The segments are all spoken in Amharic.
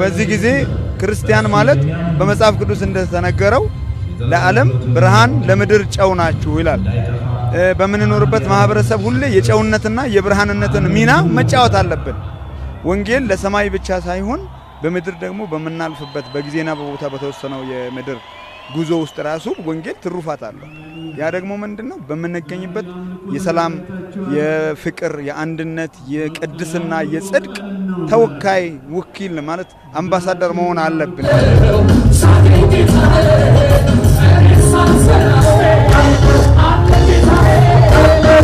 በዚህ ጊዜ ክርስቲያን ማለት በመጽሐፍ ቅዱስ እንደተነገረው ለዓለም ብርሃን ለምድር ጨው ናችሁ ይላል። በምንኖርበት ማህበረሰብ ሁሌ የጨውነትና የብርሃንነትን ሚና መጫወት አለብን። ወንጌል ለሰማይ ብቻ ሳይሆን በምድር ደግሞ በምናልፍበት በጊዜና በቦታ በተወሰነው የምድር ጉዞ ውስጥ ራሱ ወንጌል ትሩፋት አለው። ያ ደግሞ ምንድን ነው? በምንገኝበት የሰላም፣ የፍቅር፣ የአንድነት፣ የቅድስና፣ የጽድቅ ተወካይ ወኪል ማለት አምባሳደር መሆን አለብን።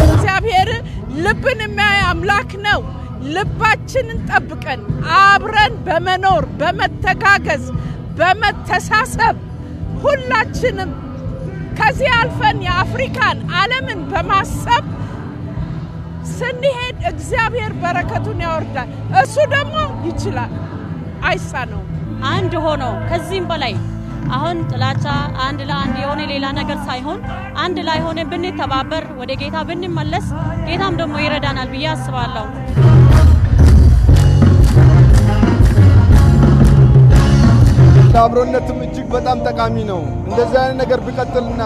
እግዚአብሔር ልብን የሚያይ አምላክ ነው። ልባችንን ጠብቀን አብረን በመኖር በመተጋገዝ በመተሳሰብ ሁላችንም ከዚህ አልፈን የአፍሪካን ዓለምን በማሰብ ስንሄድ እግዚአብሔር በረከቱን ያወርዳል። እሱ ደግሞ ይችላል፣ አይሳ ነው አንድ ሆኖ ከዚህም በላይ አሁን ጥላቻ አንድ ለአንድ የሆነ ሌላ ነገር ሳይሆን አንድ ላይ ሆነ ብንተባበር ወደ ጌታ ብንመለስ ጌታም ደግሞ ይረዳናል ብዬ አስባለሁ። አብሮነትም እጅግ በጣም ጠቃሚ ነው። እንደዚህ አይነት ነገር ቢቀጥልና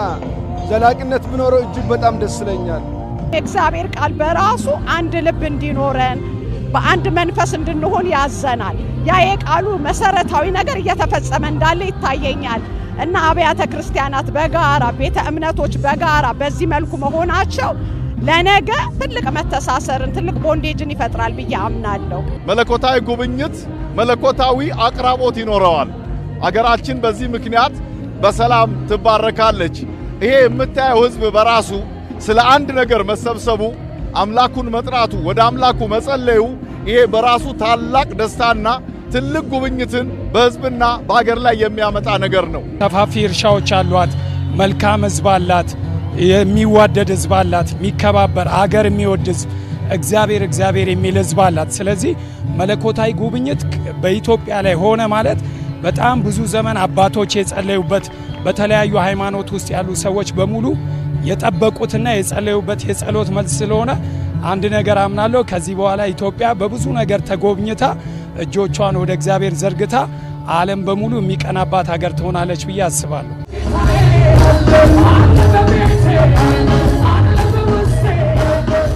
ዘላቂነት ቢኖረው እጅግ በጣም ደስ ይለኛል። የእግዚአብሔር ቃል በራሱ አንድ ልብ እንዲኖረን በአንድ መንፈስ እንድንሆን ያዘናል። ያ የቃሉ መሰረታዊ ነገር እየተፈጸመ እንዳለ ይታየኛል እና አብያተ ክርስቲያናት በጋራ ቤተ እምነቶች በጋራ በዚህ መልኩ መሆናቸው ለነገ ትልቅ መተሳሰርን ትልቅ ቦንዴጅን ይፈጥራል ብዬ አምናለሁ። መለኮታዊ ጉብኝት መለኮታዊ አቅራቦት ይኖረዋል። አገራችን በዚህ ምክንያት በሰላም ትባረካለች። ይሄ የምታየው ሕዝብ በራሱ ስለ አንድ ነገር መሰብሰቡ፣ አምላኩን መጥራቱ፣ ወደ አምላኩ መጸለዩ ይሄ በራሱ ታላቅ ደስታና ትልቅ ጉብኝትን በሕዝብና በአገር ላይ የሚያመጣ ነገር ነው። ሰፋፊ እርሻዎች አሏት። መልካም ሕዝብ አላት። የሚዋደድ ሕዝብ አላት። የሚከባበር አገር የሚወድ ሕዝብ እግዚአብሔር እግዚአብሔር የሚል ሕዝብ አላት። ስለዚህ መለኮታዊ ጉብኝት በኢትዮጵያ ላይ ሆነ ማለት በጣም ብዙ ዘመን አባቶች የጸለዩበት በተለያዩ ሃይማኖት ውስጥ ያሉ ሰዎች በሙሉ የጠበቁትና የጸለዩበት የጸሎት መልስ ስለሆነ አንድ ነገር አምናለሁ። ከዚህ በኋላ ኢትዮጵያ በብዙ ነገር ተጎብኝታ እጆቿን ወደ እግዚአብሔር ዘርግታ ዓለም በሙሉ የሚቀናባት ሀገር ትሆናለች ብዬ አስባለሁ።